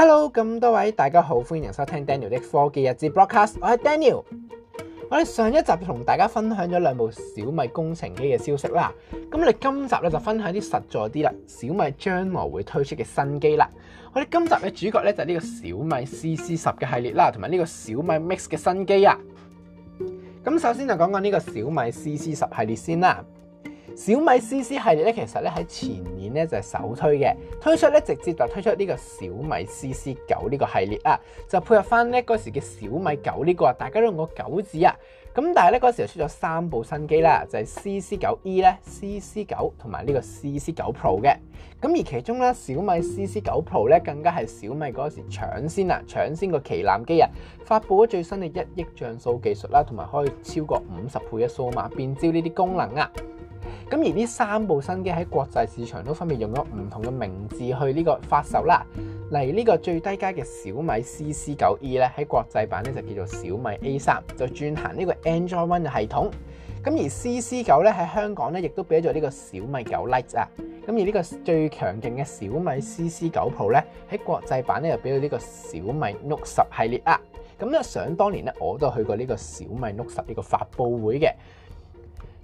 Hello，咁多位大家好，歡迎收聽 Daniel 的科技日誌 Broadcast，我係 Daniel。我哋上一集同大家分享咗兩部小米工程機嘅消息啦，咁我哋今集咧就分享啲實在啲啦，小米將來會推出嘅新機啦。我哋今集嘅主角咧就係呢個小米 CC 十嘅系列啦，同埋呢個小米 Mix 嘅新機啊。咁首先就講講呢個小米 CC 十系列先啦。小米 C C 系列咧，其實咧喺前年咧就係首推嘅推出咧，直接就推出呢個小米 C C 九呢個系列啊，就配合翻咧嗰時嘅小米九呢個啊，大家都用個九字啊。咁但係咧嗰時出咗三部新機啦，就係 C C 九 E 咧、C C 九同埋呢個 C C 九 Pro 嘅。咁而其中咧，小米 C C 九 Pro 咧更加係小米嗰時搶先啊，搶先個旗艦機啊，發布咗最新嘅一億像素技術啦，同埋可以超過五十倍嘅數碼變焦呢啲功能啊。咁而呢三部新機喺國際市場都分別用咗唔同嘅名字去呢個發售啦。例如呢個最低階嘅小米 CC9e 咧喺國際版咧就叫做小米 A3，就轉行呢個 Android One 嘅系統。咁而 CC9 咧喺香港咧亦都俾咗呢個小米9 Lite 啊。咁而呢個最強勁嘅小米 CC9 Pro 咧喺國際版咧又俾咗呢個小米 Note 10系列啊。咁咧想當年咧我都去過呢個小米 Note 10呢個發布會嘅。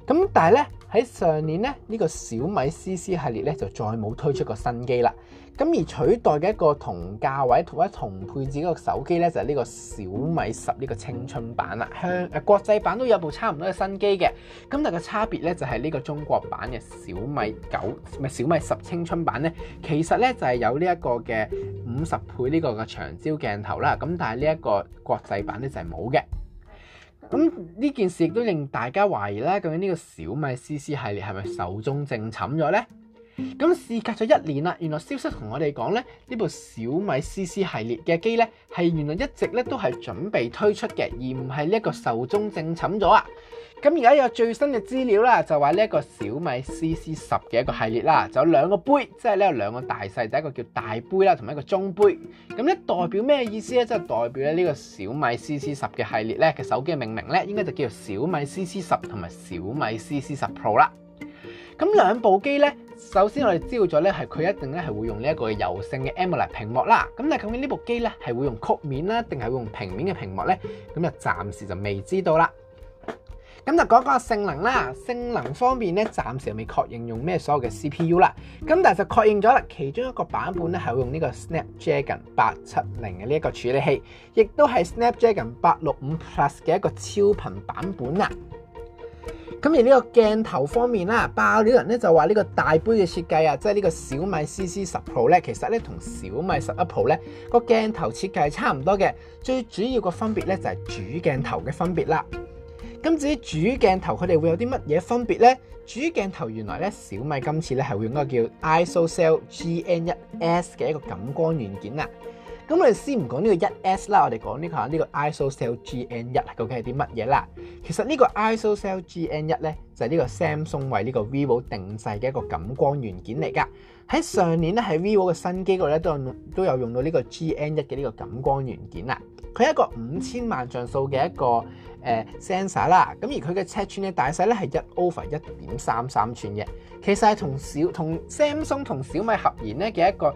咁但係咧喺上年咧呢個小米 CC 系列咧就再冇推出過新機啦。咁而取代嘅一個同價位同埋同配置嗰個手機咧就係呢個小米十呢個青春版啦，香誒國際版都有部差唔多嘅新機嘅。咁但係個差別咧就係呢個中國版嘅小米九唔係小米十青春版咧，其實咧就係有呢一個嘅五十倍呢個嘅長焦鏡頭啦。咁但係呢一個國際版咧就係冇嘅。咁呢件事亦都令大家懷疑呢，究竟呢個小米 CC 系列係咪壽終正寢咗呢？咁事隔咗一年啦，原來消息同我哋講呢，呢部小米 CC 系列嘅機呢，係原來一直呢都係準備推出嘅，而唔係呢個壽終正寢咗啊！咁而家有最新嘅資料啦，就話呢一個小米 CC 十嘅一個系列啦，就有兩個杯，即係呢有兩個大細，第一個叫大杯啦，同埋一個中杯。咁咧代表咩意思咧？即係代表咧呢個小米 CC 十嘅系列咧嘅手機嘅命名咧，應該就叫做小米 CC 十同埋小米 CC 十 Pro 啦。咁兩部機咧，首先我哋知道咗咧，係佢一定咧係會用呢一個柔性嘅 AMOLED 屏幕啦。咁但係究竟呢部機咧係會用曲面啦，定係會用平面嘅屏幕咧？咁就暫時就未知道啦。咁就講講性能啦，性能方面咧暫時未確認用咩所有嘅 CPU 啦，咁但係就確認咗啦，其中一個版本咧係會用呢個 Snapdragon 八七零嘅呢一個處理器，亦都係 Snapdragon 八六五 Plus 嘅一個超頻版本啦。咁而呢個鏡頭方面啦，爆料人咧就話呢個大杯嘅設計啊，即係呢個小米 CC 十 Pro 咧，其實咧同小米十一 Pro 咧，個鏡頭設計係差唔多嘅，最主要個分別咧就係、是、主鏡頭嘅分別啦。咁至於主鏡頭，佢哋會有啲乜嘢分別咧？主鏡頭原來咧，小米今次咧係會用嗰個叫 ISOCELL GN1S 嘅一個感光元件啦。咁我哋先唔講呢個 1S 啦，我哋講呢個呢個 ISOCELL GN1 究竟係啲乜嘢啦？其實呢個 ISOCELL GN1 咧就係呢個 Samsung 為呢個 Vivo 定製嘅一個感光元件嚟㗎。喺上年咧喺 Vivo 嘅新機嗰度咧都有都有用到呢個 GN1 嘅呢個感光元件啦。佢一個五千萬像素嘅一個誒 sensor 啦，咁、呃、而佢嘅尺寸嘅大細咧係一 over 一點三三寸嘅，其實係同小同 Samsung 同小米合研咧嘅一個。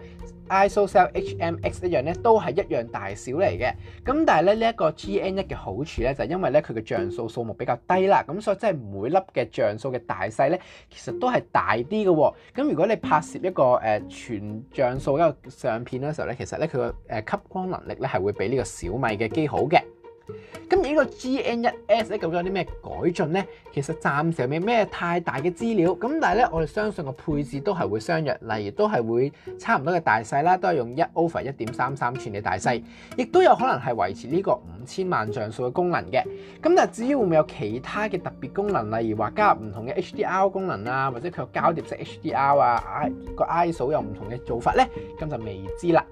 ISOcell HMX 一樣咧，都係一樣大小嚟嘅。咁但係咧，呢一個 GN 一嘅好處咧，就因為咧佢嘅像素數目比較低啦。咁所以即係每粒嘅像素嘅大細咧，其實都係大啲嘅。咁如果你拍攝一個誒全像素一個相片嘅時候咧，其實咧佢嘅誒吸光能力咧係會比呢個小米嘅機好嘅。咁而呢個 GN1S 咧究竟有啲咩改進呢？其實暫時未咩太大嘅資料。咁但係咧，我哋相信個配置都係會相若，例如都係會差唔多嘅大細啦，都係用一 over 一點三三寸嘅大細，亦都有可能係維持呢個五千萬像素嘅功能嘅。咁但係至於會唔會有其他嘅特別功能，例如話加入唔同嘅 HDR 功能啊，或者佢有交疊式 HDR 啊，個 ISO 有唔同嘅做法呢？咁就未知啦。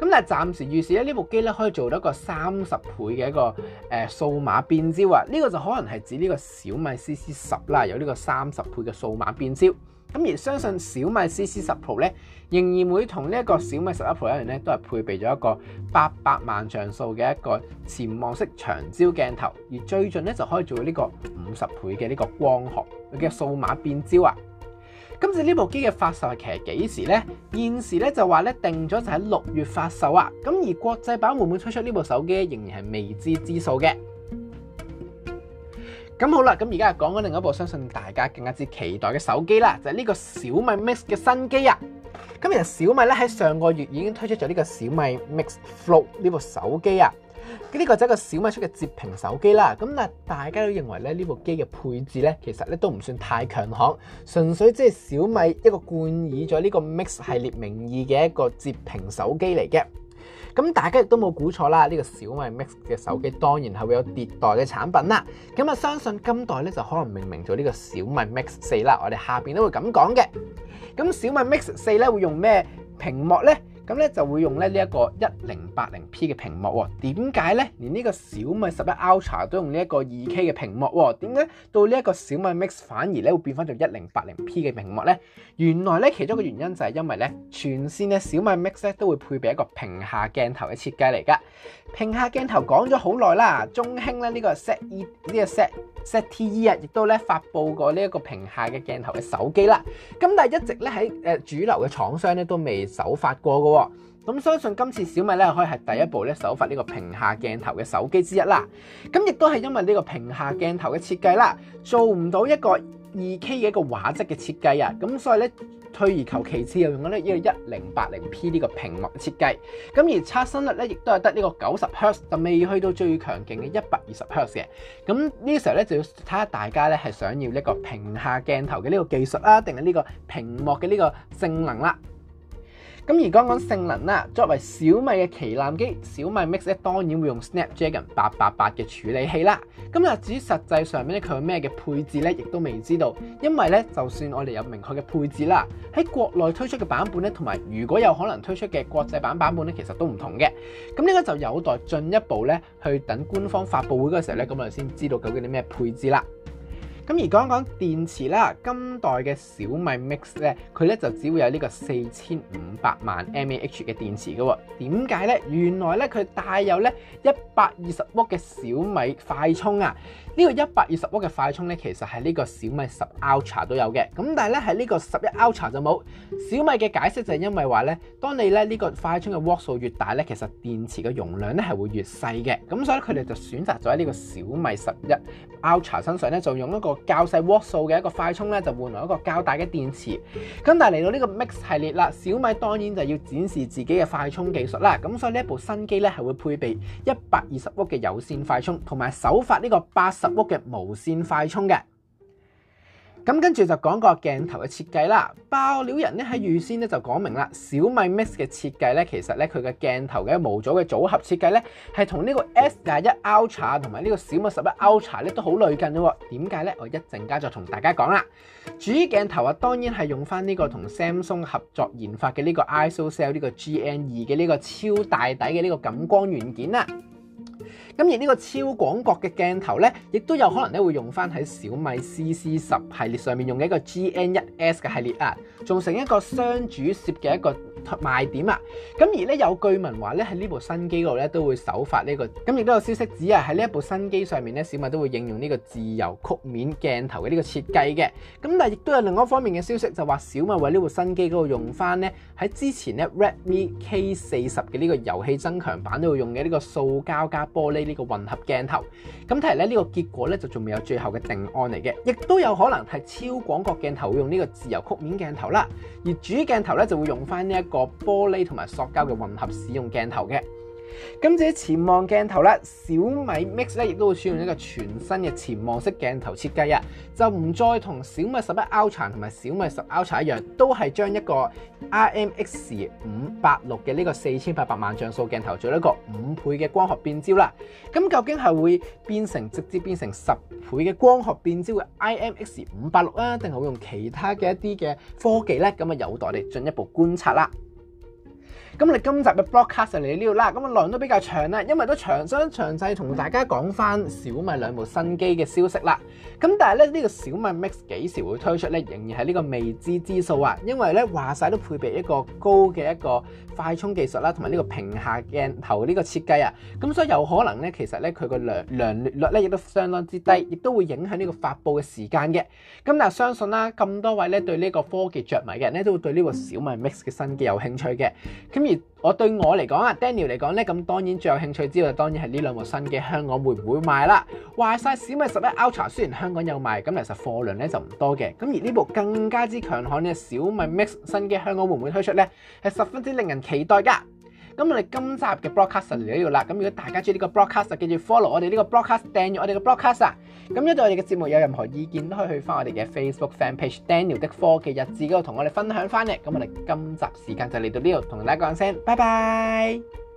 咁但係暫時預示咧，呢部機咧可以做到一個三十倍嘅一個誒數碼變焦啊！呢個就可能係指呢個小米 CC 十啦，有呢個三十倍嘅數碼變焦。咁而相信小米 CC 十 Pro 咧，仍然會同呢一個小米十一 Pro 一樣咧，都係配備咗一個八百萬像素嘅一個潛望式長焦鏡頭，而最近咧就可以做到呢個五十倍嘅呢個光學嘅數碼變焦啊！今次呢部機嘅發售係其實幾時呢？現時咧就話咧定咗就喺六月發售啊。咁而國際版會唔會推出呢部手機，仍然係未知之數嘅。咁好啦，咁而家又講緊另一部相信大家更加之期待嘅手機啦，就係呢個小米 Mix 嘅新機啊！咁其實小米咧喺上個月已經推出咗呢個小米 Mix Fold 呢部手機啊，呢個即係個小米出嘅折屏手機啦。咁嗱，大家都認為咧呢部機嘅配置咧，其實咧都唔算太強悍，純粹即係小米一個冠以咗呢個 Mix 系列名義嘅一個折屏手機嚟嘅。咁大家亦都冇估錯啦，呢個小米 Mix 嘅手機當然係會有迭代嘅產品啦。咁啊，相信今代咧就可能命名咗呢個小米 Mix 四啦。我哋下邊都會咁講嘅。咁小米 Mix 四咧會用咩屏幕咧？咁咧就會用咧呢一個一零八零 P 嘅屏幕，點解咧？連呢個小米十一 Ultra 都用呢一個二 K 嘅屏幕，點解到呢一個小米 Mix 反而咧會變翻做一零八零 P 嘅屏幕咧？原來咧其中一個原因就係因為咧，全線咧小米 Mix 咧都會配備一個屏下鏡頭嘅設計嚟噶。屏下鏡頭講咗好耐啦，中興咧呢個 ZTE 呢個 Z ZTE 啊，亦都咧發佈過呢一個屏下嘅鏡頭嘅手機啦。咁但係一直咧喺誒主流嘅廠商咧都未首發過嘅咁相信今次小米咧可以係第一部咧首發呢個屏下鏡頭嘅手機之一啦。咁亦都係因為呢個屏下鏡頭嘅設計啦，做唔到一個二 K 嘅一個畫質嘅設計啊。咁所以咧，退而求其次又用咗呢一個一零八零 P 呢個屏幕設計。咁而刷新率咧亦都係得呢個九十赫茲，未去到最強勁嘅一百二十赫茲嘅。咁呢時候咧就要睇下大家咧係想要呢個屏下鏡頭嘅呢個技術啦，定係呢個屏幕嘅呢個性能啦。咁而講講性能啦，作為小米嘅旗艦機，小米 Mix 咧當然會用 Snapdragon 八八八嘅處理器啦。咁啊至於實際上面咧佢有咩嘅配置咧，亦都未知道，因為咧就算我哋有明確嘅配置啦，喺國內推出嘅版本咧，同埋如果有可能推出嘅國際版版本咧，其實都唔同嘅。咁呢個就有待進一步咧去等官方發布會嗰時候咧，咁我哋先知道究竟啲咩配置啦。咁而講講電池啦，今代嘅小米 Mix 咧，佢咧就只會有呢個四千五百萬 mAh 嘅電池嘅喎。點解呢？原來咧，佢帶有咧一百二十 W 嘅小米快充啊。呢個一百二十 W 嘅快充咧，其實係呢個小米十 Ultra 都有嘅。咁但係咧，喺呢個十一 Ultra 就冇。小米嘅解釋就係因為話咧，當你咧呢個快充嘅 W 數越大咧，其實電池嘅容量咧係會越細嘅。咁所以佢哋就選擇咗喺呢個小米十一 Ultra 身上咧，就用一個，較細瓦數嘅一個快充咧，就換來一個較大嘅電池。咁但係嚟到呢個 Mix 系列啦，小米當然就要展示自己嘅快充技術啦。咁所以呢一部新機咧係會配備一百二十瓦嘅有綫快充，同埋首發呢個八十瓦嘅無綫快充嘅。咁跟住就講個鏡頭嘅設計啦。爆料人咧喺預先咧就講明啦，小米 Mix 嘅設計咧，其實咧佢嘅鏡頭嘅模組嘅組合設計咧，係同呢個 S 廿一 Ultra 同埋呢個小米十一 Ultra 咧都好類近嘅。點解咧？我一陣間就同大家講啦。主鏡頭啊，當然係用翻呢個同 Samsung 合作研發嘅呢個 ISOCELL 呢個 GN2 嘅呢個超大底嘅呢個感光元件啦。咁而呢個超廣角嘅鏡頭呢，亦都有可能咧會用翻喺小米 CC10 系列上面用嘅一個 GN1S 嘅系列啊，做成一個雙主攝嘅一個。賣點啊！咁而咧有據聞話咧，喺呢部新機嗰度咧都會首發呢個，咁亦都有消息指啊，喺呢一部新機上面咧，小米都會應用呢個自由曲面鏡頭嘅呢個設計嘅。咁但係亦都有另外一方面嘅消息，就話小米為呢部新機嗰度用翻呢，喺之前咧 Redmi K 四十嘅呢個遊戲增強版都會用嘅呢個塑膠加玻璃呢個混合鏡頭。咁睇嚟咧呢個結果咧就仲未有最後嘅定案嚟嘅，亦都有可能係超廣角鏡頭會用呢個自由曲面鏡頭啦，而主鏡頭咧就會用翻呢一。個玻璃同埋塑膠嘅混合使用鏡頭嘅。咁至於潛望鏡頭咧，小米 Mix 咧亦都會採用一個全新嘅潛望式鏡頭設計啊，就唔再同小米十一 Ultra 同埋小米十 Ultra 一樣，都係將一個 IMX 五八六嘅呢個四千八百萬像素鏡頭做一個五倍嘅光學變焦啦。咁究竟係會變成直接變成十倍嘅光學變焦嘅 IMX 五八六啊，定係會用其他嘅一啲嘅科技呢？咁啊，有待你進一步觀察啦。咁我哋今集嘅 broadcast 就嚟到呢度啦，咁啊內容都比較長啦，因為都長，想詳細同大家講翻小米兩部新機嘅消息啦。咁但係咧呢、呢個小米 Mix 幾時會推出咧，仍然係呢個未知之數啊。因為咧話晒都配備一個高嘅一個快充技術啦、啊，同埋呢個屏下鏡頭呢個設計啊。咁所以有可能咧，其實咧佢個良良率咧亦都相當之低，亦都會影響呢個發布嘅時間嘅。咁但係相信啦，咁多位咧對呢個科技着迷嘅人咧，都會對呢個小米 Mix 嘅新機有興趣嘅。咁。而我對我嚟講啊，Daniel 嚟講咧，咁當然最有興趣之類，當然係呢兩部新機香港會唔會賣啦？話晒小米十一 Ultra 雖然香港有賣，咁其實貨量咧就唔多嘅。咁而呢部更加之強悍嘅小米 Mix 新機香港會唔會推出咧？係十分之令人期待㗎。咁我哋今集嘅 Broadcast 嚟到啦。咁如果大家中意呢個 Broadcast，記住 follow 我哋呢個 Broadcast，訂閱我哋嘅 Broadcast 啊！咁如果對我哋嘅節目有任何意見，都可以去翻我哋嘅 Facebook Fan Page Daniel 的科技日誌嗰度，同我哋分享翻咧。咁我哋今集時間就嚟到呢度，同大家講聲，拜拜。